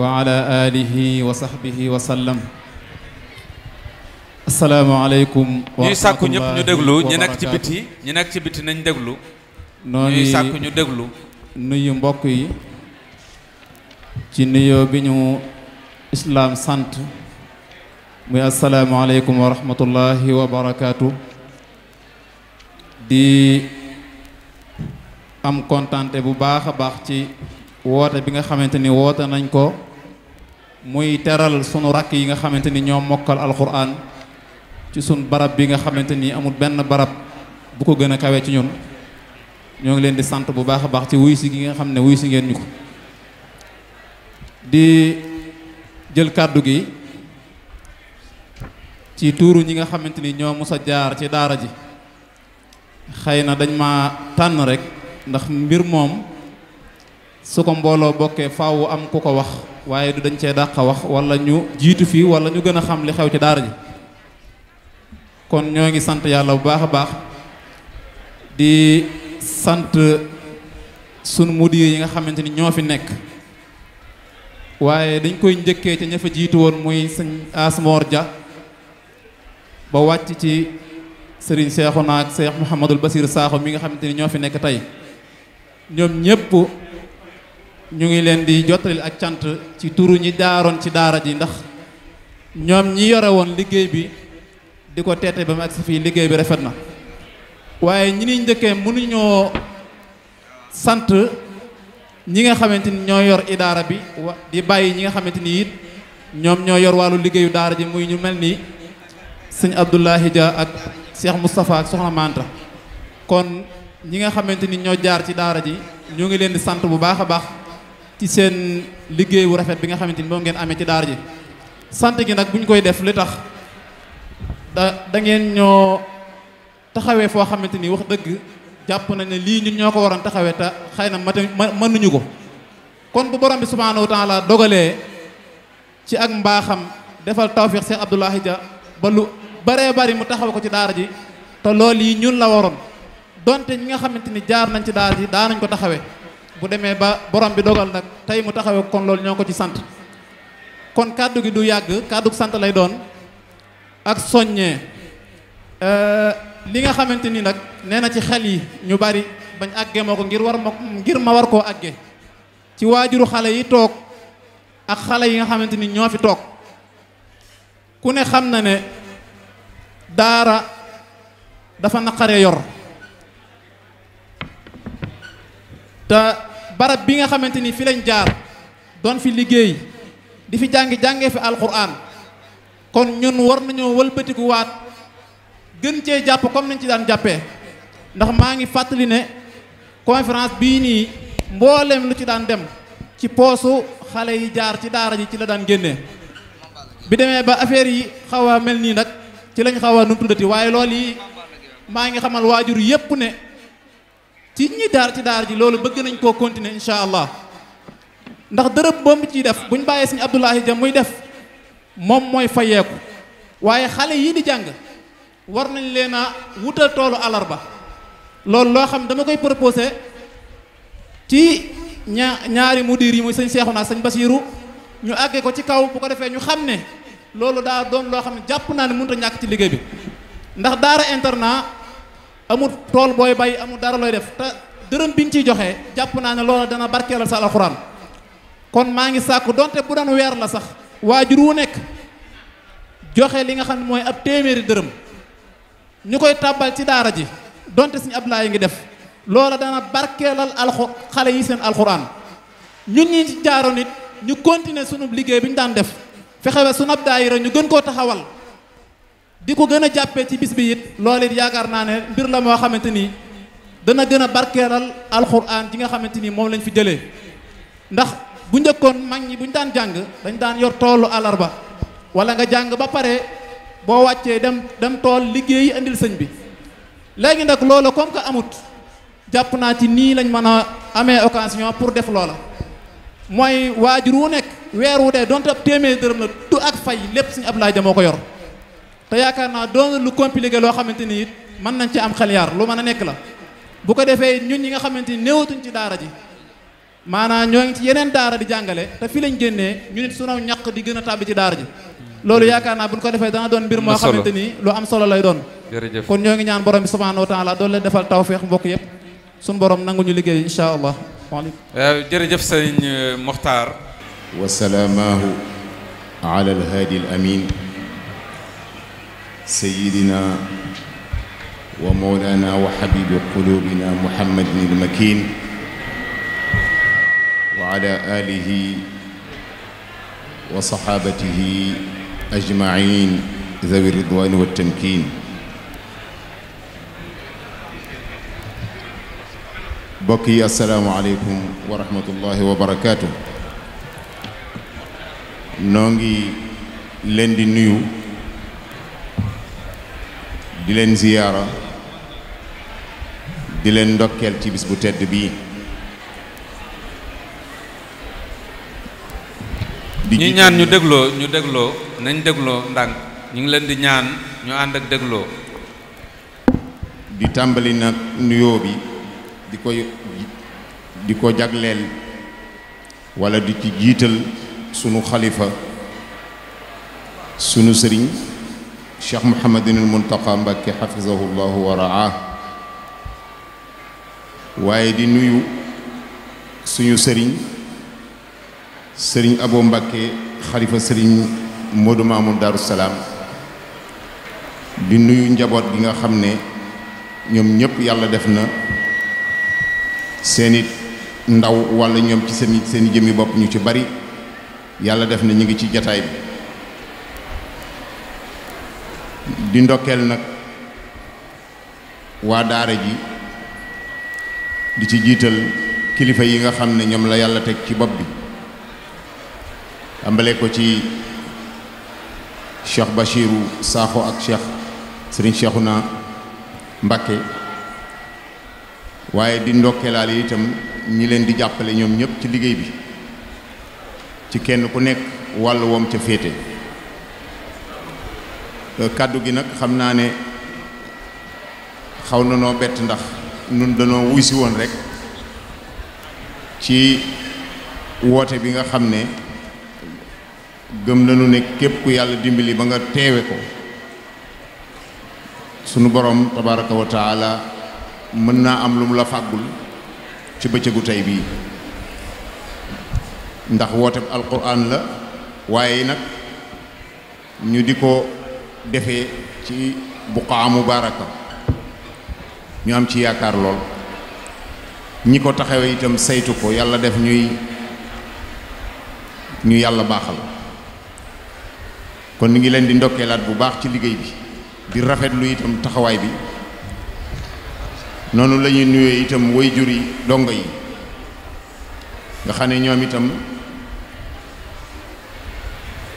wa ala alihi wa sahbihi wa sallam asalaamaaleykum ñuy sàkku ñëpp ñu déglu ñu nekk ci biti ci biti nañ déglu noonu ñuy sàkku ñu déglu nuyu mbokk yi ci nuyoo bi ñu islaam sant muy asalaamaaleykum wa rahmatullahi wa barakaatu di am kontante bu baax a baax ci woote bi nga xamante ni woote nañ ko muy teral sunu rakk yi nga xamante ni ñoo mokkal alxuraan ci sunu barab bi nga xamante ni amul benn barab bu ko gën a kawe ci ñun ñoo ngi leen di sant bu baax a baax ci wuy gi nga xam ne wuy si ngeen ko di kàddu gi ci tuuru ñi nga xamante ni ñoo mos a jaar ci daara ji xëy na dañ ma tànn rek ndax mbir moom su ko mbooloo bokkee faaw am ku ko wax waaye du dañ cee dàq wax wala ñu jiitu fii wala ñu gën a xam li xew ci daara ji kon ñoo ngi sant yàlla bu baax a baax di sant sunu mudir yi nga xamante ni ñoo fi nekk waaye dañ koy njëkkee ca ña jiitu woon muy sëñ Asmor ja ba wàcc ci sëriñ Seexuna ak Seex Muhammadul Basiir Saaxo mi nga xamante ni ñoo fi nekk tey ñoom ñépp ñu ngi leen di jottalil ak cant ci turu ñi jaaroon ci daara ji ndax ñoom ñi yore woon liggéey bi di ko teete ba mu agsi fii liggéey bi rafet na waaye ñi ni njëkkee mënuñoo sant ñi nga xamante ni ñoo yor daara bi di bàyyi ñi nga xamante ni it ñoom ñoo yor wàllu liggéeyu daara ji muy ñu mel nii sëñ Abdoulahi Dia ak Cheikh Moustapha ak Soxna Manta kon ñi nga xamante ni ñoo jaar ci daara ji ñoo ngi leen di sant bu baax a baax ci seen liggéey bu rafet bi nga xamante ni moom ngeen amee ci daara ji sant gi nag bu ñu koy def li tax da da ngeen ñoo taxawee foo xamante ni wax dëgg jàpp nañ ne lii ñun ñoo ko waroon taxawee te xëy na mate mënuñu ko kon bu borom bi subhaanahu wa dogalee ci ak mbaaxam defal tawfiq Cheikh Abdoulahi Dia ba lu baree bari mu taxaw ko ci daara ji te loolu yi ñun la waroon donte ñi nga xamante ni jaar nañ ci daara ji nañ ko taxawee bu demee ba borom bi dogal nag tey mu taxawee kon loolu ñoo ko ci sant kon kàddu gi du yàgg kàddu sant lay doon ak soññee euh, li nga xamante ni nag nee na ci xel yi ñu bari bañ àggee moo ko ngir war ma ngir ma war koo àggee ci waajuru xale yi toog ak xale yi nga xamante ni ñoo fi toog ku ne xam na ne daara dafa naqare yor te barab bi nga xamante ni fi lañ jaar doon fi liggéey di fi jàng jànge fi alquran kon ñun war nañu wëlbatiku waat gën cee jàpp comme nañ ci daan jàppee ndax maa ngi fàttali ne conférence bii nii mbooleem lu ci daan dem ci poosu xale yi jaar ci daara ji ci la daan génne bi demee ba affaire yi xaw a mel nii nag ci lañ xaw a nu mu waaye lool yi maa ngi xamal waajur yépp ne. ci ñi daar ci daar ji loolu bëgg nañ ko continuer incha allah ndax dërëb boobu ciy def buñ bàyyee suñu Abdoulahi Dia muy def moom mooy fayeeku waaye xale yii di jàng war nañ leen a wutal toolu ba loolu loo xam dama koy proposé ci ña ñaari mudir yi muy sëñ Seexuna sëñ Basiiru ñu àggee ko ci kaw bu ko defee ñu xam ne loolu daa doon loo xam ne jàpp naa ne mënut ñàkk ci liggéey bi ndax daara internat amul tool booy bay amul dara looy def te dërëm bi ñu ciy joxe jàpp naa ne loola dana barkeelal sax alxuraan kon maa ngi sàkku donte bu doon weer la sax waajur wu nekk joxe li nga xam ne mooy ab téeméeri dërëm ñu koy tàbbal ci daara ji donte ab suñu ablaay ngi def loola dana barkeelal alxu xale yi seen alxuraan ñun ñi ci jaaroon it ñu continuer sunu liggéey bi ñu daan def fexe ba sunu yi daayira ñu gën koo taxawal. di ko gën a jàppee ci bis bi it loolu it yaakaar naa ne mbir la moo xamante ni dana gën a barkeelal alxuraan ji nga xamante ni moom lañu fi jëlee ndax bu njëkkoon mag ñi bu ñu daan jàng dañ daan yor toolu ba wala nga jàng ba pare boo wàccee dem dem tool liggéey indil sëñ bi léegi nag loola comme que amut jàpp naa ci nii lañ mën a amee occasion pour def loola mooy waajur wu nekk weer wu dee donte ab téeméer dërëm la du ak fay lépp suñu ab laaj moo ko yor. te yaakaar naa doon lu compliqué loo xamante ni it mën nañ ci am xel yaar lu mën a nekk la bu ko defee ñun ñi nga xamante ni néewatuñ ci daara ji maanaam ñoo ngi ci yeneen daara di jàngale te fi lañ génnee ñu nit sunaw ñàq di gën a tàbbi ci daara ji loolu yaakaar naa bu ñu ko defee dana doon mbir moo xamante ni lu am solo lay doon jërëjëf kon ñoo ngi ñaan borom bi subhanahu wa taala doon leen defal tawfeex mbokk yëpp suñu borom nangu ñu liggéey incha allah waaleykum euh, jërëjëf sëriñ euh, Mokhtar wa سيدنا ومولانا وحبيب قلوبنا محمد المكين وعلى آله وصحابته أجمعين ذوي الرضوان والتمكين بقي السلام عليكم ورحمة الله وبركاته نونغي لندي نيو di leen ziyaara di leen ndokkeel ci bis bu tedd bii ñi ñaan ñu dégloo ñu dégloo nañ dégloo ndànk ñu ngi leen di ñaan ñu ànd ak dégloo di tàmbali nag nuyoo bi di ko di ko jagleel walla di ci jiital sunu xalifa sunu sëriñ cheikh Mouhamadinil Muntaqa Mbàkke xafizahu llahu wa raah waaye di nuyu suñu sëriñ sëriñ Abo Mbàkke xalifa sëriñ Modou Mamoun Darou di nuyu njaboot gi nga xam ne ñoom ñëpp yàlla def na seen i ndaw wala ñoom ci seen seen jëmmi bopp ñu ci bari yàlla def na ñu ngi ci jataay bi di ndokkeel nag waa daara ji di ci jiital kilifa yi nga xam ne ñoom la yàlla teg ci bopp bi tàmbale ko ci Cheikh Bachiru Sakho ak Cheikh Serigne na Mbacké waaye di ndokkeelaal yi itam ñi leen di jàppale ñoom ñëpp ci liggéey bi ci kenn ku nekk wàll woom ca féete Euh, kàddu gi nag xam naa ne xaw na noo bett ndax nun danoo wuy si woon rek ci woote bi nga xam ne gëm na nu ne képp ku yàlla dimbali ba nga teewe ko sunu boroom tabaraka wa taala mën naa am lu mu la fàggul ci bëccëgu tey bii ndax woote alquran la waaye nag ñu di ko defee ci buqaa mubaaraka ñu am ci yaakaar lool ñi ko taxawee itam saytu ko yàlla def ñuy ñu yàlla baaxal kon ñu ngi leen di ndokkeelaat bu baax ci liggéey bi di rafetlu itam taxawaay bi noonu lañuy ñuy nuyee itam way jur yi dongo yi nga xam ne ñoom itam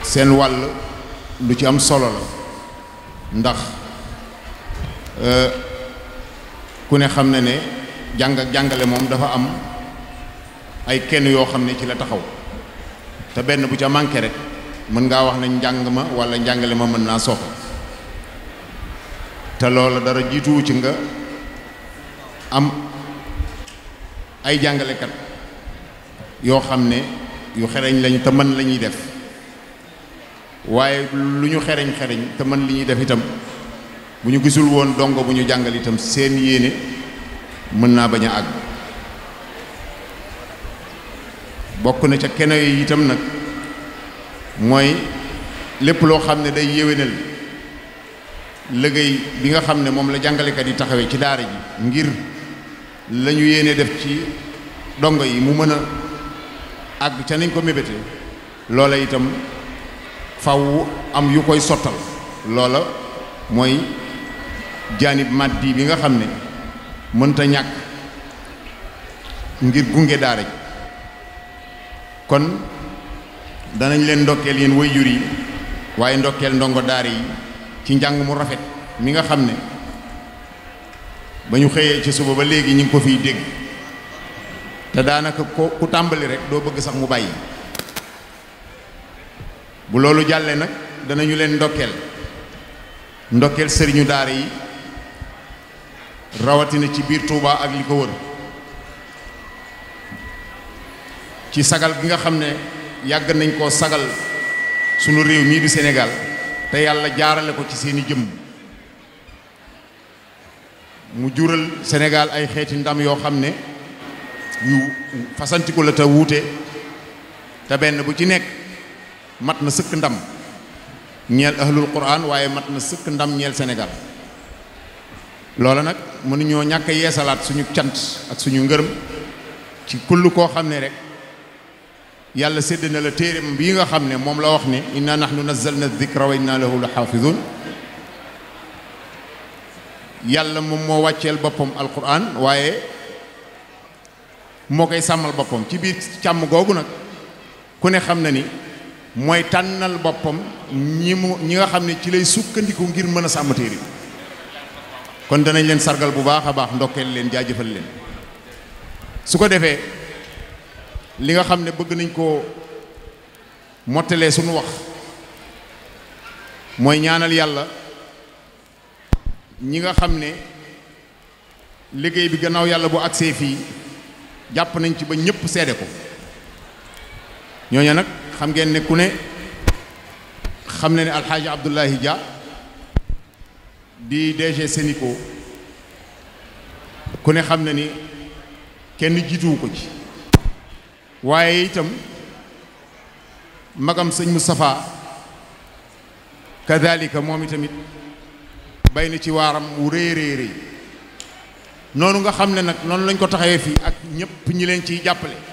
seen wàll lu ci am solo la ndax euh, ku ne xam ne ne jàng jàngale moom dafa am ay kenn yoo xam ne ci la taxaw te benn bu ca manqué rek mën ngaa wax ne njàng ma walla njàngale ma mën naa sooxe te loola dara jiituwu ci nga am ay jàngalekat yoo xam ne yu xereñ lañ te mën lañuy def waaye lu ñu xereñ xereñ te man li ñuy def itam bu ñu gisul woon dongo bu ñu jàngal itam seen yéene mën naa bañ a àgg bokk na ca keno yi itam nag mooy lépp loo xam ne day yéwénal liggéey bi nga xam ne moom la jàngalekat yi taxawee ci daara ji ngir lañu ñu def ci dongo yi mu mën a àgg ca nañ ko mébéte loola itam faw am yu koy sottal loola mooy jaanib maddi bi nga xam ne mënta ñàkk ngir gunge daara ji kon danañ leen ndokkeel yéen waajur yi waaye ndokkeel ndongo daara yi ci njàng mu rafet mi nga xam ne ba ñu xëyee ci suba ba léegi ñu ngi ko fiy dégg te daanaka ko ku tàmbali rek doo bëgg sax mu bàyyi bu loolu jàllee nag danañu leen ndokkeel ndokkeel sëriñu daara yi rawatina ci biir tuuba ak li ko wër ci sagal gi nga xam ne yàgg nañ koo sagal sunu réew mii di senegal te yàlla jaarale ko ci seeni jëmm mu jural senegal ay xeeti ndam yoo xam ne yu fasantiku la te wuute te benn bu ci nekk mat na sëkk ndam ñeel ahlul quran waaye mat na sëkk ndam ñeel senegal loola nag mënuñoo ñàkk a yeesalaat suñu cant ak suñu ngërëm ci kull koo xam ne rek yàlla sedd na la téeréem bii nga xam ne moom la wax ne inna nahnu nazzalna dhikra wa inna lahu la xaafidun yàlla moom moo wàcceel boppam alquran waaye moo koy sàmmal boppam ci biir càmm googu nag ku ne xam na ni mooy tànnal boppam ñi mu ñi nga xam ne ci lay sukkandiku ngir mën a sàmm téere kon danañ leen sargal bu baax a baax ndokkeel leen jaajëfal leen su ko defee li nga xam ne bëgg nañ koo mottalee suñu wax mooy ñaanal yàlla ñi nga xam ne liggéey bi gannaaw yàlla bu agsee fii jàpp nañ ci ba ñëpp seede ko ñooñu nag xam ngeen ne ku ne xam ne ne alxaaji Abdoulaye Dia di DG Sénico ku ne xam na ni kenn jiituwu ko ci waaye itam magam sëñ safaa kadalika moom itamit bay na ci waaram wu rëy rëy rëy noonu nga xam ne nag noonu lañ ko taxawee fii ak ñëpp ñi leen ciy jàppale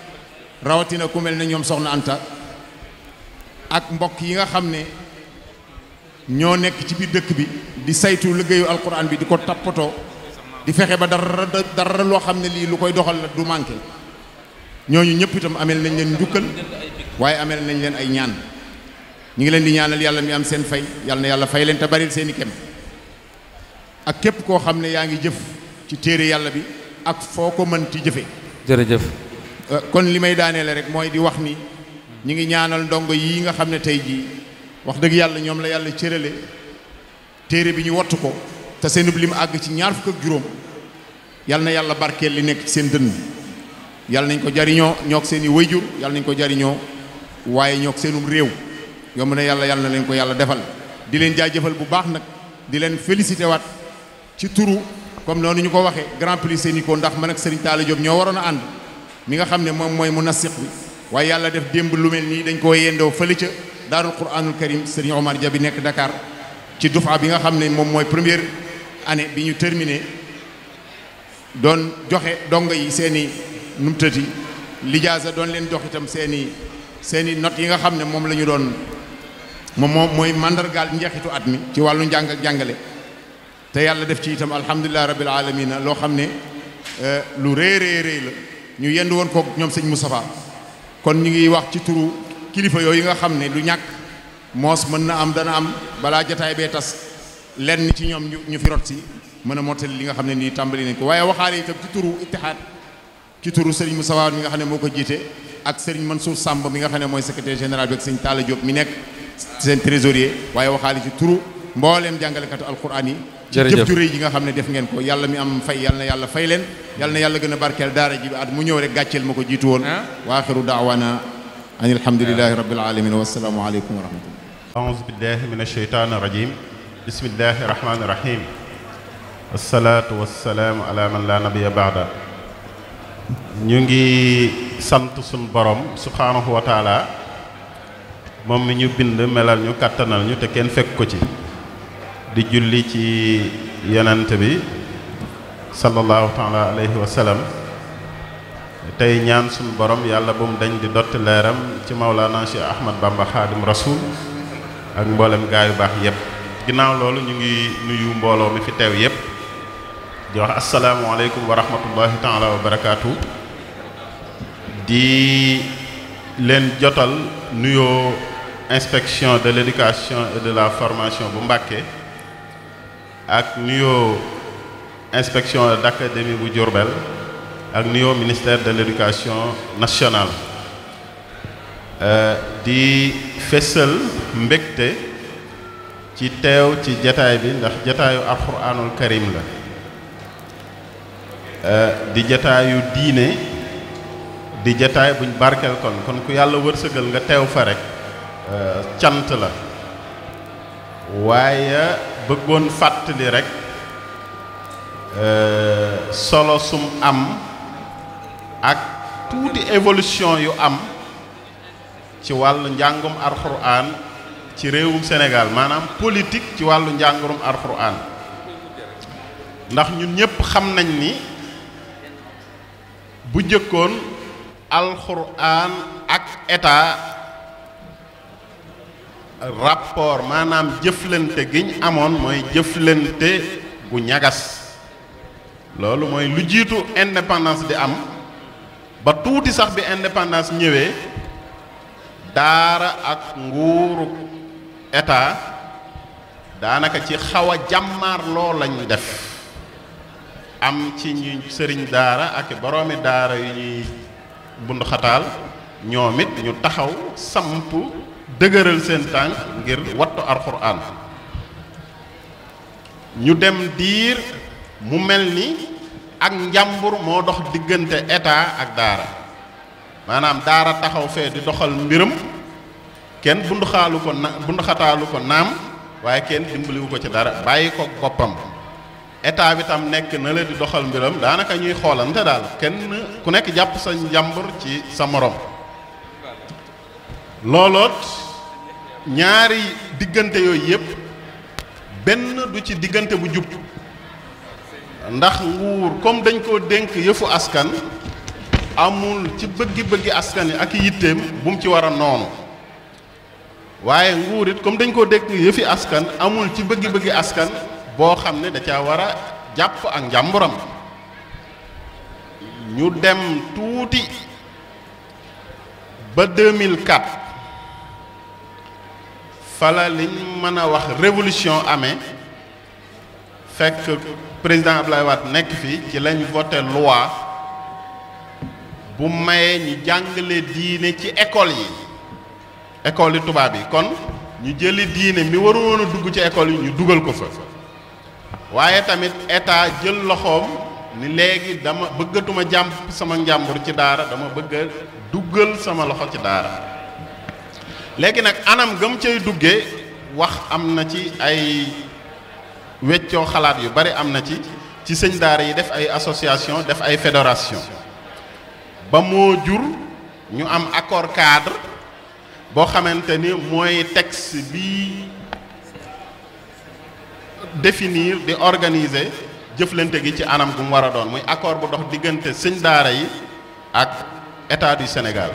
rawatina ku mel ne ñoom soxna Anta ak mbokk yi nga xam ne ñoo nekk ci biir dëkk bi di saytu liggéeyu alquran bi di ko tappatoo di fexe ba dara dara loo xam ne lii lu koy doxal la du manqué ñooñu ñëpp itam amee nañ leen njukkal waaye ameel nañ leen ay ñaan ñu ngi leen di ñaanal yàlla mi am seen fay yàlla na yàlla fay leen te baril seen i kem ak képp koo xam ne yaa ngi jëf ci téere yàlla bi ak foo ko mën ci jëfe jërëjëf kon li may daaneele rek mooy di wax ni ñu ngi ñaanal ndongo yi nga xam ne tey jii wax dëgg yàlla ñoom la yàlla cërale téere bi ñu wattu ko te seenub lim àgg ci ñaar fukk ak juróom yal na yàlla barkeel li nekk ci seen dënn yal nañ ko jariñoo ñoog seen i wayjur yal nañ ko jariñoo waaye ñoog seenum réew yomb na yàlla yal na leen ko yàlla defal di leen jaajëfal bu baax nag di leen félicité waat ci turu comme noonu ñu ko waxe grand prix Sénico ndax man ak Serigne Talla Diop ñoo waroon a ànd mi nga xam ne moom mooy mu nasiq bi waaye yàlla def démb lu mel nii dañ koo yendoo fële ca daarul quranul karim sëriñ Omar Dia bi nekk Dakar ci dufa bi nga xam ne moom mooy première année bi ñu terminé doon joxe dongo yi seeni i nu mu lijaasa doon leen jox itam seeni i seen not yi nga xam ne moom lañu doon moom moom mooy mandargaal njeexitu at mi ci wàllu njàng jàngale te yàlla def ci itam alhamdulilah rabbil alamina loo xam ne euh, lu rëy rëy la ñu yendu woon kook ñoom sëñ Moustapha kon ñu ngi wax ci turu kilifa yooyu nga xam ne du ñàkk moos mën na am dana am balaa jataay bee tas lenn ci ñoom ñu fi rot si mën a motel li nga xam ne nii tàmbali nañ ko waaye waxaale itam ci turu ittihaad ci turu sëriñ Moustapha mi nga xam ne moo ko jiite ak sëriñ Mansour Samb mi nga xam ne mooy secretaire général bi ak sëñ taala Diop mi nekk seen trésorier waaye waxaale ci turu mbooleem jàngalekatu alquran yi jëf ju rëy ji nga xam ne def ngeen ko yàlla mi am fay yàlla na yàlla fay leen yàlla na yàlla gën a barkeel daara ji at mu ñëw rek gàcceel ma ko jiitu woon ah. waa axiru daawana an alhamdulilahi rabbil alamin wasalaamu aleykum wa rahmatullah aouzu billahi min asheytaan rajim bismillahi rahmaani rahim asalaatu wasalaamu ala man laa nabiya baada ñu ngi sant suñ borom subhaanahu wa moom mi ñu bind melal ñu kàttanal ñu te kenn fekk ko ci di julli ci yonent bi sallallahu taala alayhi tey ñaan suñu borom yàlla bu mu dañ di dott leeram ci Maulana Cheikh Ahmad Bamba Xaadim Rasul ak mboolem gaa baax yépp ginnaaw loolu ñu ngi nuyu mbooloo mi fi teew yépp jox wax asalaamualeykum wa rahmatullahi wa barakaatu di leen jotal nuyoo inspection de l'éducation et de la formation bu Mbàkke ak nuyoo inspection d'académie bu Diourbel ak nuyoo ministère de l'éducation nationale euh, di fésal mbégte ci teew ci jataay bi ndax jataayu alxuraanul karim la euh, di jataayu diine di jataay buñ barkeel kon kon ku yàlla wërsëgal nga teew fa rek euh, cant la waaye bëggoon fàttali rek euh, solo sum am ak tuuti évolution yu am ci wàllu njàngum alxuraan ci réewum Sénégal maanaam politique ci wàllu njàngurum alxuraan ndax ñun ñëpp xam nañ ni bu jëkkoon alxuraan ak état rapport maanaam jëflante giñ amoon mooy jëflante gu ñagas loolu mooy lu jiitu indépendance di am ba tuuti sax bi indépendance ñëwee daara ak nguuru état daanaka ci xaw a jàmmaar loo lañ def am ci ñu sëriñ daara ak boroomi daara yu ñuy bundu ñoom it ñu taxaw samp dëgëral seen tànk ngir wattu alxuraan ñu dem diir mu mel ni ak njàmbur moo dox diggante état ak daara maanaam daara taxaw fee di doxal mbiram kenn bunduxaalu ko bunduxataalu ko naam waaye kenn dimbaliwu ko ci dara bàyyi ko boppam état bi tam nekk na la di doxal mbiram daanaka ñuy xoolante daal kenn ku nekk jàpp sa njàmbur ci sa morom looloot ñaari diggante yooyu yëpp benn du ci diggante bu jub ndax nguur comme dañ koo dénk yëfu askan amul ci bëggi-bëggi askan yi ak yitteem bu mu ci war a noonu waaye nguur it comme dañ koo dénk yëfi askan amul ci bëggi-bëggi askan boo xam ne da caa war a jàpp ak njàmburam ñu dem tuuti ba 2004 fala liñ mën a wax révolution amee fekk président Abdoulaye Wade nekk fii ci lañ voté loi bu mayee ñu jàngale diine ci école yi école yi tubaab yi kon ñu jëli diine mi waru woon a dugg ci école yi ñu dugal ko fa waaye tamit état jël loxoom ni léegi dama bëggatuma jàmp sama njàmbur ci daara dama bëgg a sama loxo ci daara léegi nag anam gëm cay duggee wax am na ci ay weccoo xalaat yu bari am na ci ci sëñ daara yi def ay association def ay fédération ba moo jur ñu am accord cadre boo xamante ni mooy texte bi définir di organiser jëflante gi ci anam gu mu war a doon muy accord bu dox diggante sëñ daara yi ak état du Sénégal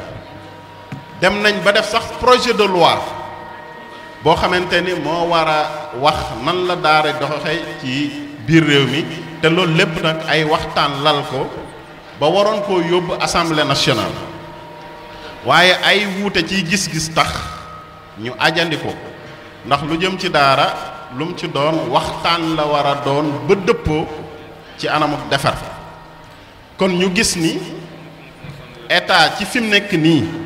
dem nañ ba def sax projet de loi boo xamante ni moo war a wax nan la daara doxe ci biir réew mi te loolu lépp nag ay waxtaan lal ko ba waroon koo yóbbu assemblée nationale waaye ay wuute ciy gis-gis tax ñu ajandi ko ndax lu jëm ci daara lum ci doon waxtaan la war a doon ba dëppoo ci anamuk defar kon ñu gis ni état ci fi nekk nii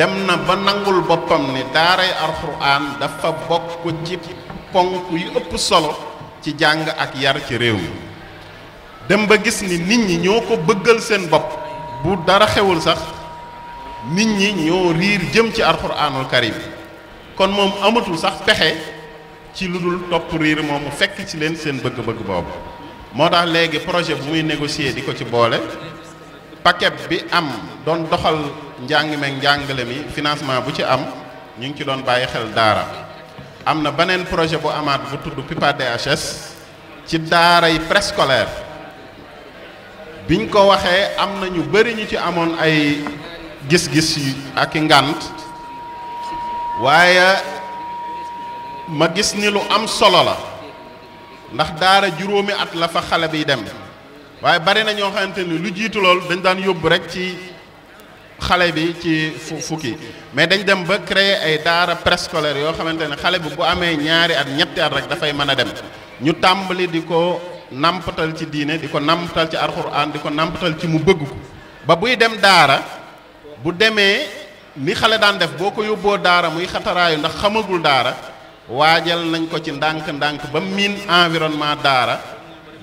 dem na ba nangul boppam ni daaray alxuraan dafa bokk ci ponk yu ëpp solo ci jàng ak yar ci réew mi dem ba gis ni nit ñi ñoo ko bëggal seen bopp bu dara xewul sax nit ñi ñoo riir jëm ci alxuraanul karim kon moom amatul sax pexe ci lu dul topp riir moom fekk ci leen seen bëgg-bëgg boobu moo tax léegi projet bu muy négocier di ko ci boole paquet bi am doon doxal njàng meeg njàngale mi financement bu ci am ñu ngi ci doon bàyyi xel daara am na beneen projet bu amaat bu tudd PIPA DHS ci daara yi préscolaire biñ ko waxee am na ñu bëri ñu ci amoon ay gis-gis yi ak i ngànt waaye ma gis ni lu am solo la ndax daara juróomi at la fa xale bi dem waaye bari na ñoo xamante ni lu jiitu lool dañ daan yóbbu rek ci. xale bi ci fukki mais dañ dem ba créer ay daara préscolaire yoo xamante ne xale bi bu amee ñaari at ñetti at rek dafay mën a dem ñu tàmbali di ko nampatal ci diine di ko nampatal ci alxuraan di ko nampatal ci mu bëgg ko ba buy dem daara bu demee ni xale daan def boo ko yóbboo daara muy xataraayu ndax xamagul daara waajal nañ ko ci ndànk-ndànk ba miin environnement daara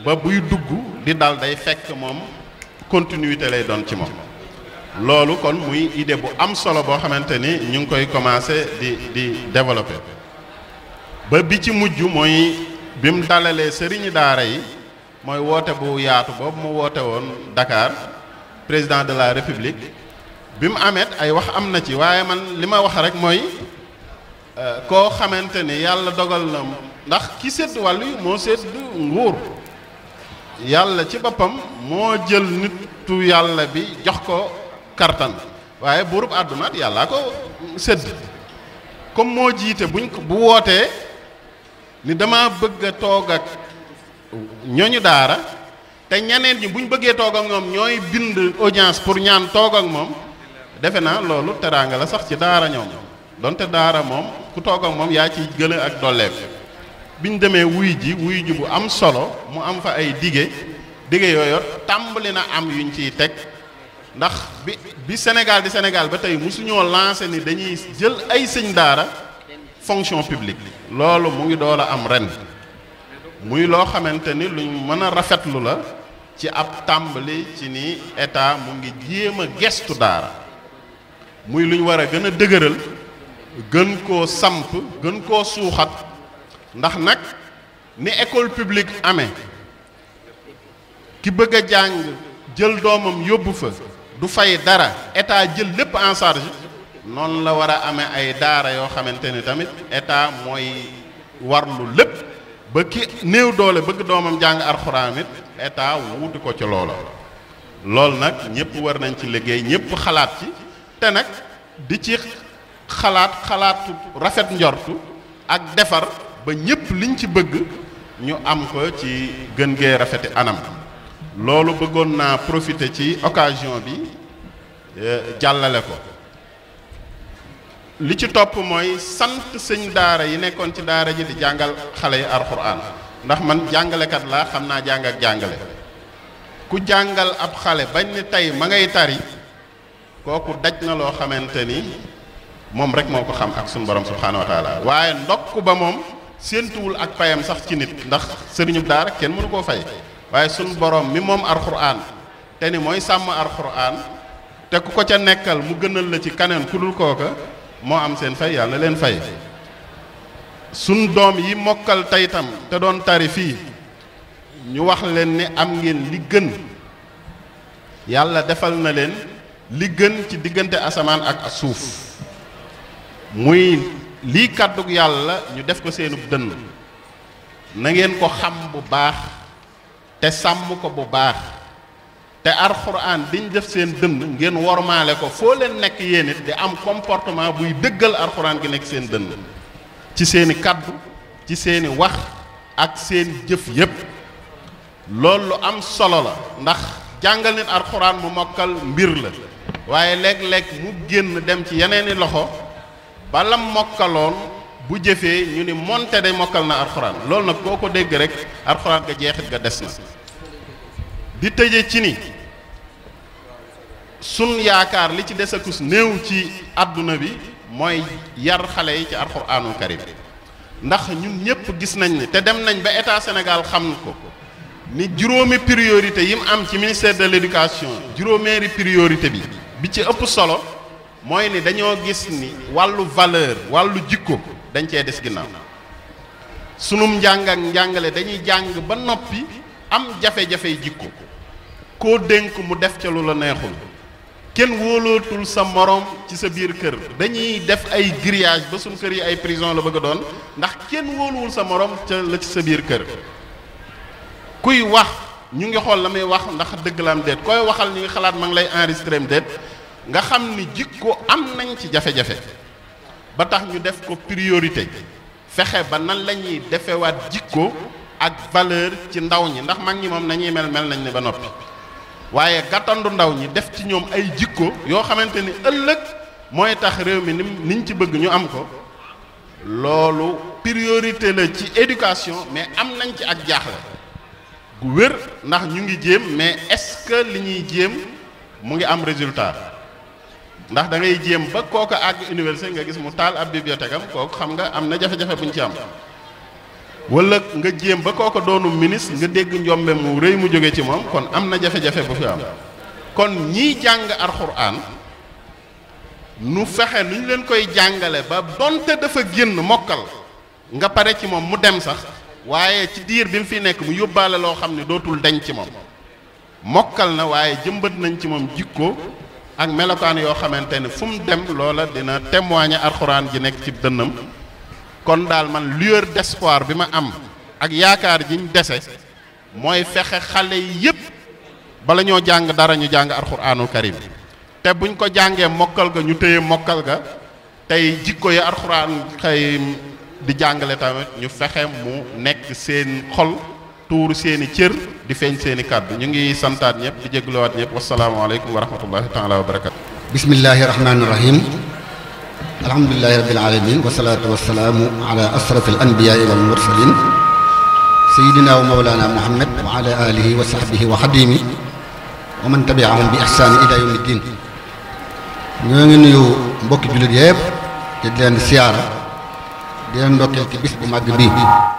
ba buy dugg di dal day fekk moom continuité lay doon ci moom loolu kon muy idée bu am solo boo xamante ni ñu ngi koy commencé di di développé ba bi ci mujj mooy bi mu dalalee sëriñu daara yi mooy woote bu yaatu boobu mu woote woon dakaar président de la république bi mu amet ay wax am na ci waaye man li ma wax rek mooy euh, koo xamante ni yàlla dogal na ndax ki seet wàllu yi moo sédd nguur yàlla ci boppam moo jël nitu yàlla bi jox ko kartan waaye buurub àddunaat yàlla ko sedd comme moo jiite buñ ko bu wootee ni dama bëgg a toog ak ñooñu daara te ñeneen yi buñ bëggee toog ak ñoom ñooy bind audience pour ñaan toog ak moom defe naa loolu teraanga la sax ci daara ñoom donte daara moom ku toog ak moom yaa ciy gële ak dolleef biñ demee wuy ji wuy bu am solo mu am fa ay dige dige yooyu tàmbali na am yuñ ciy teg ndax bi bi Sénégal di Sénégal ba tey mosuñoo lancé ni dañuy jël ay sëñ daara fonction publique loolu mu ngi dool a am ren muy loo xamante ni luñ mën a rafetlu la ci ab tàmbali ci ni état mu ngi jéem a gestu daara muy lu war a gën a dëgëral gën koo samp gën koo suuxat ndax nag ni école publique amee ki bëgg a jàng jël doomam yóbbu fa du fay dara état jël lépp en charge noonu la war a amee ay daara yoo xamante ni tamit état mooy warlu lépp ba ki néew doole bëgg doomam jàng alxuraan it état wuutu ko ci loola. loolu nag ñëpp war nañ ci liggéey ñëpp xalaat ci te nag di ci xalaat xalaatu rafet njortu ak defar ba ñëpp liñ ci bëgg ñu am ko ci gën gee rafeti anam. loolu bëggoon naa profiter ci occasion bi eh, jàllale ko li ci topp mooy sant sëñ daara yi nekkoon ci daara ji di jàngal xale yi alxuraan ndax man jàngalekat laa xam naa jàng ak jàngale ku jàngal ab xale bañ ni tey ma ngay tari kooku daj na loo xamante ni moom rek moo ko xam ak suñu borom subxanahu wa taala waaye ndokk ba moom séentuwul ak payam sax ci nit ndax sëriñub daara kenn mënu koo fay. waaye sunu borom mi moom alxuraan te ni mooy sàmm alxuraan te ku ko ca nekkal mu gënal la ci kaneen ku dul kooka moo am seen fay yàlla leen fay sunu doom yi mokkal tey tam te doon tari fii ñu wax leen ni am ngeen li gën yàlla defal na leen li gën ci diggante asamaan ak suuf muy lii kàddug yàlla ñu def ko seenub dënn na ko xam bu baax te sàmm ko bu baax te alxuraan diñ def seen dënn ngeen wormaale ko foo leen nekk yéen it di am comportement buy dëggal alxuraan gi nekk seen dënn ci seeni kàddu ci seeni wax ak seen jëf yépp lu am solo la ndax jàngal nit alxuraan mu mokkal mbir la waaye léeg-léeg mu génn dem ci yeneeni loxo balam mokkaloon bu jëfee ñu ni monte de mokkal na alxuraan loolu nag koo ko dégg rek alxuraan ga jeexit ga des na di tëje ci ni sun yaakaar li ci desakus néew ci àdduna bi mooy yar xale yi ci alxuraanul karim ndax ñun ñëpp gis nañ ni te dem nañ ba état senegal xam ko ni juróomi priorité yi mu am ci ministère de l'éducation juróomeeri priorité bi bi ci ëpp solo mooy ni dañoo gis ni wàllu valeur wàllu jikko dañ cee des ginnaaw sunum njàng ak njàngale dañuy jàng ba noppi am jafe-jafe jikko koo dénk mu def ca lu la neexul kenn wóolootul sa morom ci sa biir kër dañuy def ay giriyage ba suñ kër yi ay prison la bëgg a doon ndax kenn wóoluwul sa morom ca la ci sa biir kër kuy wax ñu ngi xool la muy wax ndax dëgg la am koy waxal ñu ngi xalaat ma ngi lay enregistré am déet nga xam ni jikko am nañ ci jafe-jafe ba tax ñu def ko priorité fexe ba nan lañuy ñuy defewaat jikko ak valeur ci ndaw ñi ndax mag ñi moom nañuy mel mel nañu ne ba noppi waaye gàttandu ndaw ñi def ci ñoom ay jikko yoo xamante ni ëllëg mooy tax réew mi niñ ci bëgg ñu am ko loolu priorité la ci éducation mais am nañ ci ak jaaxle gu wér ndax ñu ngi jéem mais est-ce que li ñuy jéem mu ngi am résultat ndax dangay ngay jéem ba kooku àgg université nga gis mu taal ab bibliothèque am kooku xam nga am na jafe-jafe bu ñu ci am wala nga jéem ba kooku doonu ministre nga dégg njombe mu rëy mu jóge ci moom kon am na jafe-jafe bu fi am kon ñiy jàng alxuraan nu fexe nu ñu leen koy jàngale ba donte dafa génn mokkal nga pare ci moom mu dem sax waaye ci diir bi mu fi nekk mu yóbbaale loo xam ne dootul deñ ci moom mokkal na waaye jëmbat nañ ci moom jikko ak melokaan yoo xamante ne fu mu dem loola dina témoigner alxuraan ji nekk ci dënnam kon daal man lueur d'espoir bi ma am ak yaakaar jiñ dese mooy fexe xale yépp bala ñoo jàng dara ñu jàng alxuraanul karim te buñ ko jàngee mokkal ga ñu téye mokkal ga tey jikko yi alxuraan xëy di jàngale tamit ñu fexe mu nekk seen xol tuur seeni cër di feeñ seeni bi ñu ngi santaat ñëpp di jégluwaat ñëpp wasalaamualeykum wa rahmatullahi taala wa barakatu bismillahi rahmaani rahim alhamdulilahi rabbil alamin wasalaatu wasalaamu ala asrafi al anbiyaai wal mursalin sayidina wa mawlana muhammad wa ala wa sahbihi wa xadimi wa man tabiahum bi ihsaan ila yawmi din ñoo ngi nuyu mbokki jullit yëpp te di siyaara di leen ndokkeel ci bis bu màgg bii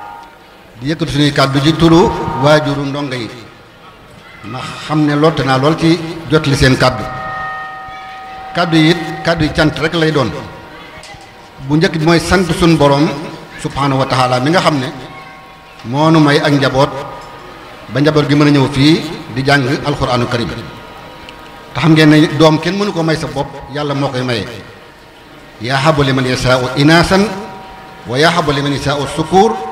di yëkkati suñuy kàddu ci turu waajuru ndongo yi ndax xam ne lott naa lool ci jot li seen kàddu kàddu yi it kàddu cant rek lay doon bu njëkk bi mooy sant suñ borom subhaanahu wa taala mi nga xam ne moonu may ak njaboot ba njaboot gi mën a ñëw fii di jàng alxuraanu karim te xam ngeen doom kenn mënu ko may sa bopp yàlla moo koy maye yaa habu liman yasaau inaasan wa yaa habu liman yasaau sukuur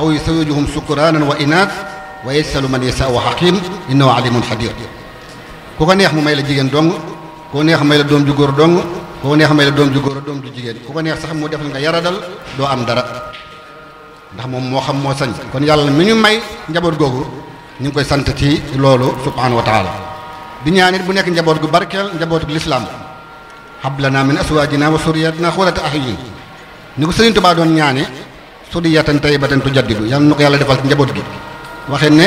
aw yuzawwijuhum sukraanan wa inaas wa yaj'alu man yashaa'u hakiim innahu aliimun xadiir ku ko neex mu may la jigéen dong ku ko neex may la doom ju góor dong ku ko neex may ju góor doom ju jigéen ku ko neex sax mu defal nga yaradal doo am dara ndax moom moo xam moo sañ kon yàlla mi ñu may njaboot googu ñu ngi koy sant ci loolu subhaanahu wa taala di ñaan it bu nekk njaboot gu barkeel njabootu lislaam hab lanaa min azwaajinaa wa surriyaatinaa qurrata a'yun ni ko Sëriñ Tuubaa doon ñaane ba suriyatan tayyibatan tujaddidu yàlla na ko yàlla defal njaboot gi waxee ne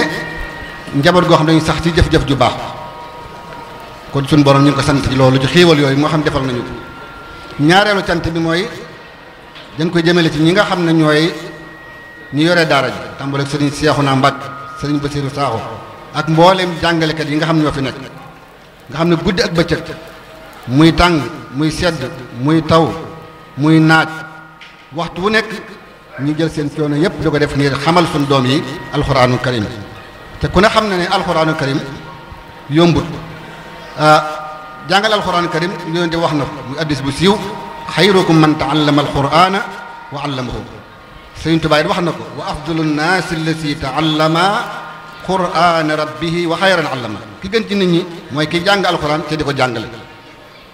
njaboot goo xam dañu sax ci jëf-jëf ju baax kon suñu borom ñu ngi ko sant ci loolu ci xiiwal yooyu moo xam defal nañu ko ñaareelu cant bi mooy dañ koy jëmale ci ñi nga xam ne ñooy ñu yore daara ji tàmbale sëriñ Seexuna Mbàkke sëriñ Basiiru Saaxo ak mbooleem jàngalekat yi nga xam ne ñoo fi nekk nga xam ne guddi ak bëccëg muy tàng muy sedd muy taw muy naaj waxtu wu nekk ñu jël seen coono yëpp di ko def ngir xamal suñu doom yi alxuraanu karim te ku ne xam na ne alxuraanu karim yombut ah, jàngal alxuraanu karim yoon di wax na ko muy addis bu siiw xayrukum man taallama alqurana wa allamahu sëriñ Tuubaa it wax na ko wa afdalu nnaasi allati taallama qurana rabbihi wa xayran allama ki gën ci nit ñi mooy ki jàng alxuraan te di ko jàngale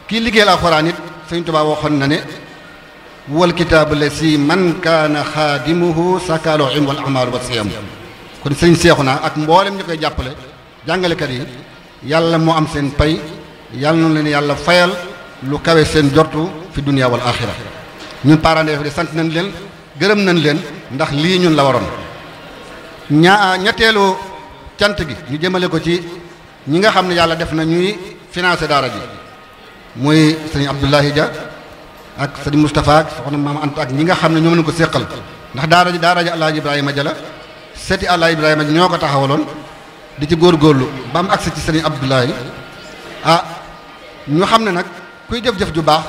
kii liggéeyal alxuraan it sëriñ Tuubaa waxoon na ne wal kitaabu la si man kaana xaadimuhu sakaaloo im wal amaalu wa kon sëñ seexu naa ak mboolem ñu koy jàppale jàngalekat yi yàlla moo am seen pay yàlla na leen yàlla fayal lu kawe seen jortu fi dunia wal axira ñun parents di sant nañ leen gërëm nañ leen ndax lii ñun la waroon ñaa ñetteelu cant gi ñu jëmale ko ci ñi nga xam ne yàlla def na ñuy financé daara ji muy sëñ Abdoulahi Dia ak sëñ Moustapha ak soxna maama Anta ak ñi nga xam ne ñoom lañ ko séqal ndax daara ji daara ji Alaaji Ibrahima la seeti Alaaji Ibrahima ñoo ko taxawaloon di ci góor góorlu ba am accès ci sëñ Abdoulaye ah ñu xam ne nag kuy jëf-jëf ju baax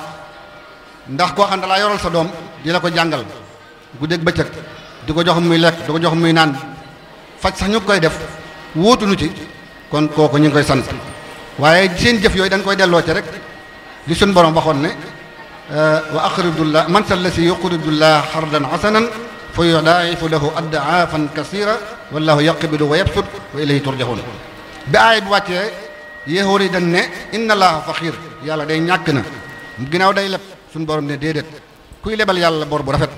ndax koo xam ne dalaa yoral sa doom di la ko jàngal guddeeg bëccëg di ko jox muy lekk di ko jox muy naan faj sax ñu koy def wóotu ci kon kooku ñu ngi koy sant waaye seen jëf yooyu dañ koy delloo rek li suñ borom waxoon ne. wa aqribdullah man sa allasi yuqribdullah xardan xasanan fa yudaa'ifu la ad'aafan kasiira wallaahu yaqbidu wa yabsut wa ilayhi turjaxuun bi aay bi wàccee yéexoor yi dañ ne inna allaaha faqiir yàlla day ñàkk na ginnaaw day leb suñ borom ne déedéet kuy lebal yàlla bor bu rafet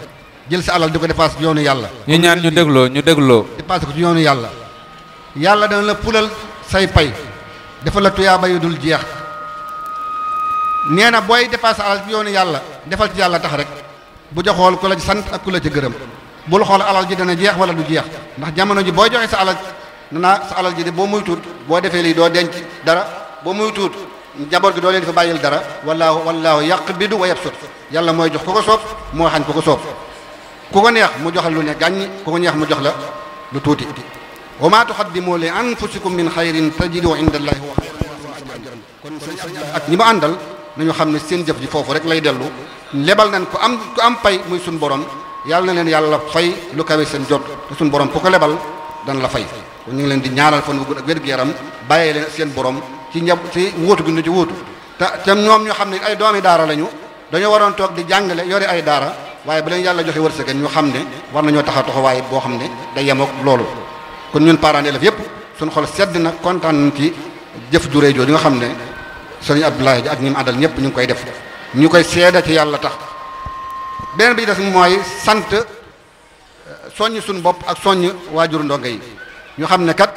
jël sa alal di ko dépasse ci yoonu yàlla. ñu ñaan ñu dégloo ñu dégloo. dépasse ko ci yoonu yàlla yàlla dana la pulal say pay dafa la tuyaaba dul jeex. nee na booy sa alal ci yoonu yàlla defal ci yàlla tax rek bu joxool ku la ci sant ak ku la ci gërëm bul xool alal ji dana jeex wala du jeex ndax jamono ji boo joxee sa alal nanaa sa alal ji de boo muy tuut boo defee li doo denc dara boo muy tuut njaboot gi doo leen fi bàyyil dara wallaahu wallaahu yaqbidu wa yabsut yàlla mooy jox ku ko soob moo xañ ku ko soob ku ko neex mu joxal lu ne gàññi ku ko neex mu jox la lu tuuti wa maa tuqaddimu li anfusikum min xayrin tajidu inda allaahi wa kon ak ñi mu àndal nañu xam ne seen jëf ji foofu rek lay dellu lebal nañ ku am ku am pay muy suñ borom yàlla na leen yàlla fay lu kawe seen jot te suñ borom ku ko lebal dana la fay kon ñu ngi leen di ñaanal fan wu gudd ak wér-gu-yaram bàyyee seen borom ci ña ci wóotu gi ci wóotu te te ñoom ñoo xam ne ay doomi daara lañu dañoo waroon toog di jàngale yore ay daara waaye ba leen yàlla joxe wërsëg ñu xam ne war nañoo tax a taxawaay boo xam ne day yemook loolu kon ñun parents d'élèves yëpp suñ xol sedd na kontaan ci jëf ju rëy jooju nga xam ne sëriñ Abdoulaye ak ñi mu àndal ñëpp ñu ngi koy def ñu koy seede ci yàlla tax beneen bi des mooy sant euh, soññ suñu bopp ak soññ waajur ndongo yi ñu xam ne kat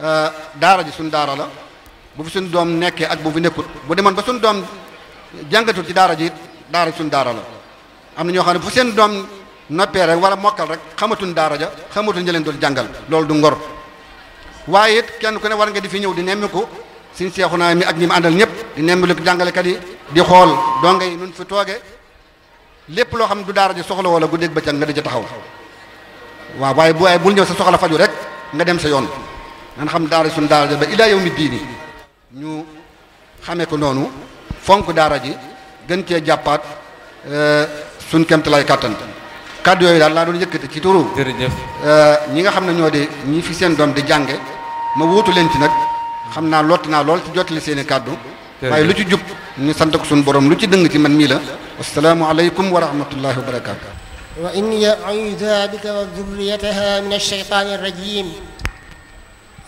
euh, daara ji suñ daara la bu fi suñu doom nekkee ak bu fi nekkut bu demoon ba suñu doom jàngatul ci daara ji daara ji suñu daara la am na ñoo xam ne bu seen doom noppee rek wala mokkal rek xamatuñ daara ja xamatuñ ñi leen doon jàngal loolu du ngor waaye kenn ku ne war nga di fi ñëw di nemmiku suñ seexu naa mi ak ñi mu àndal ñëpp di nembalu jàngalekat yi di xool donga yi nun fi tooge lépp loo xam du daara ji soxla wala guddeeg bëccëg nga di ca taxaw waaw waaye waaye bul ñëw sa soxla faju rek nga dem sa yoon nan xam daara suñ daara ji ba ilaa yow mi diini ñu xamee ko noonu fonk daara ji gën cee jàppaat euh, suñ kemt lay kàttan kàddu yooyu daal laa doon yëkkati ci turu euh, ñi nga xam ne ñoo de ñi fi seen doom di jànge ma wuutu leen ci nag xam naa lott naa lool ci jottali seen i kàddu waaye lu ci jub ñu sant ko suñu borom lu ci dëng ci man mii la assalaamu aleykum wa rahmatullahi wa barakaatu wa inni auuduha bika wa durriyataha min alsheytaani arrajim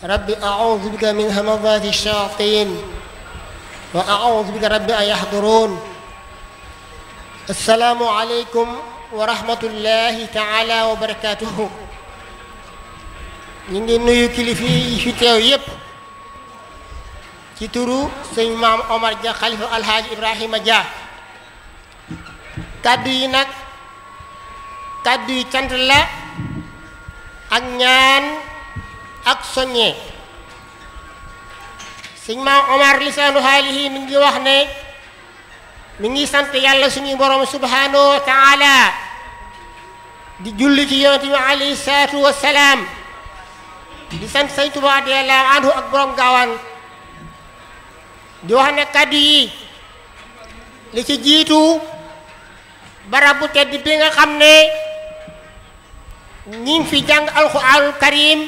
rabbi auudu bika min hamazati shayatin wa auudu bika rabbi an yahduruun assalaamu aleykum wa rahmatullahi taala wa barakaatuhu ñu ngi nuyu kilifa yi fi teew yépp ci turu sëñ maam Omar Dia xalifa alhaaji Ibrahima Dia kàddu yi nag kàddu yi cant la ak ñaan ak soññee sëñ maam Omar lisaanu haalihi mi ngi wax ne mi ngi sant yàlla suñuy borom subhanahu wa taala di julli ci yonent bi alayhi salaatu wa salaam di sant sëñ Tuubaa radiyallaahu anhu ak borom gaawaan di wax ne kàddu yi li ci jiitu barab bu tedd bi nga xam ne ñi ngi fi jàng alxuraanul karim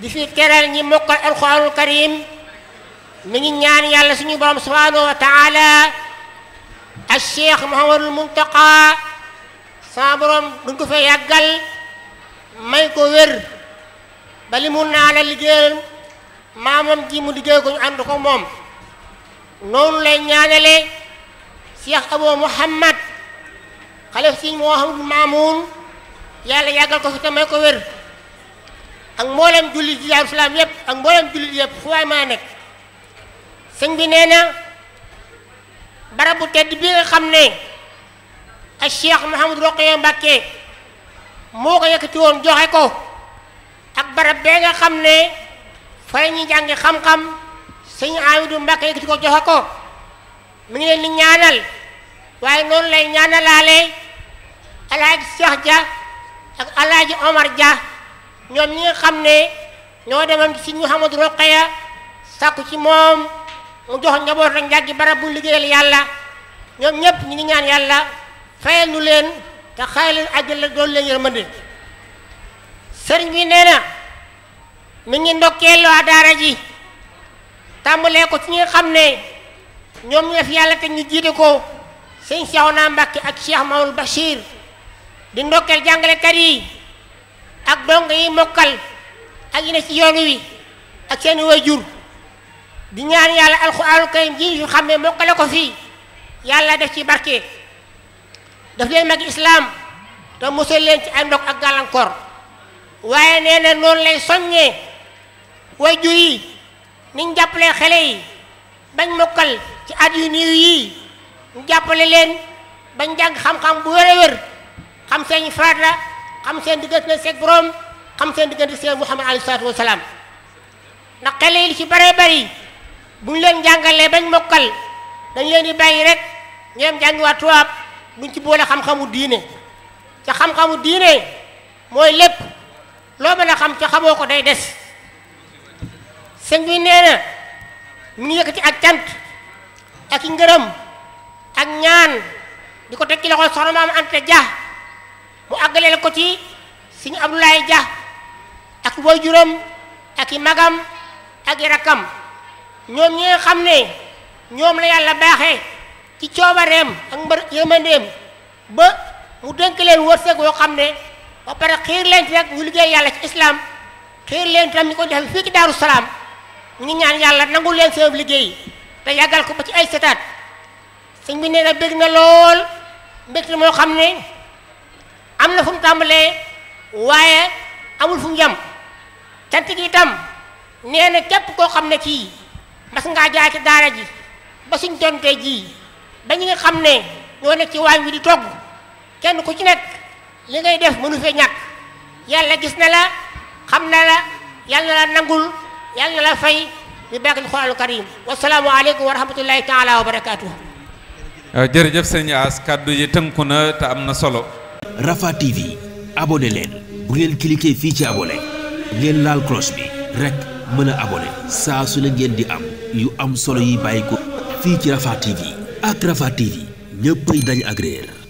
di fi teral ñi mokkal alxuraanul karim mi ngi ñaan yàlla suñu borom subhaanahu wa taala ak cheikh Mouhamadul Muntaqa sama borom duñ ko fa yàggal may ko wér ba li mu naa la liggéeyal maamam ji mu liggéey ko ñu ànd ko moom noonu lay ñaanale Cheikh Abou Mouhammad xalif Sëriñ Mouhamadou Mamoun yàlla yàggal ko fi te may ko wér ak mboolem jullit yi Daaru yépp ak mboolem jullit yépp fu waay maa nekk sëñ bi nee bu tedd bi nga xam ne ak Cheikh Mouhamadou Rokhaya Mbacké moo ko yëkkati woon joxe ko ak barab bee nga xam ne fa la ñuy xam-xam sëñ Amidou Mbacke yëkkati ko joxe ko mi ngi leen di ñaanal waaye noonu lay ñaanalaale alaaji Cheikh Dia ak alaaji Omar Dia ñoom ñi nga xam ne ñoo demoon ci Mouhamadou Roqaya sàkku ci moom mu jox njaboot ak njàggi barab bu liggéeyal yàlla ñoom ñépp ñi ngi ñaan yàlla fayal nu leen te xayal leen àjjana doon leen yërmande sëriñ bi nee na mi ngi ndokkeel waa daara ji tàmbalee ko ci ñi xam ne ñoom ñu def yàlla te ñu jiite ko sëñ Cheikhouna Mbacké ak Cheikh Maoul Bachir di ndokkeel jàngalekat yi ak dong yi mokkal ak yi ne ci yoon wi ak seen wayjur di ñaan yàlla alxuraanul karim ji yu xam ne mokkale ko fii yàlla def ci barke daf leen mag islaam te musal leen ci ay ndog ak gàllankoor waaye nee na noonu lay soññee wayjur yi niñ jàppalee xele yi bañ mokkal ci at yu niiw yii ñu jàppale leen bañ jàng xam-xam bu wér wér xam seen faat la xam seen diggante seeg borom xam seen diggante seen Muhammad alayhi salaatu wa salaam ndax xale yi li ci baree bari buñ leen jàngalee bañ mokkal dañ leen di bàyyi rek ñoom jàngiwaat tubaab duñ ci boole xam-xamu diine ca xam-xamu diine mooy lépp loo mën a xam ca xamoo ko day des sëñ bi nee na mi ngi yëkkati ak cant ak i ngërëm ak ñaan di ko teg ci loxo soxna maam Anta Dia mu àggaleel ko ci sëñ Abdoulaye Dia ak i waajuram ak i magam ak i ñoom ñi xam ne ñoom la yàlla baaxee ci coobareem ak mbër yërmandeem ba mu dénk leen wërsëg woo xam ne ba xiir leen ci rek ñu liggéey yàlla ci islam xiir leen tam ñu ko defee fii ci Daaru Salaam ñu ñaan yàlla nangu leen seen liggéey te yàggal ko ba ci ay setaat sëñ bi nee na bég na lool mbégte moo xam ne am na fu mu tàmbalee waaye amul fu mu yem cant gi itam nee na képp koo xam ne kii mas ngaa jaay ci daara ji ba suñ dontee ji dañu nga xam ne ñoo nekk ci waañ wi di togg kenn ku ci nekk li ngay def mënu fee ñàkk yàlla gis na la xam na la yàlla na la nangul yàlla na la fay bi barkil Qur'aanul Kariim wasalaamu aleykum wa rahmatullahi taala wa barakaatuhu euh, jërëjëf sëñ As kàddu yi tënku na te am na solo Rafah TV abonné leen bu ngeen cliquer fii ci abonné ngeen laal cloche bi rek mën a abonné saa su ne ngeen di am yu am solo yi bàyyi ko fii ci Rafah TV ak Rafah TV ñëpp ay dañ agréer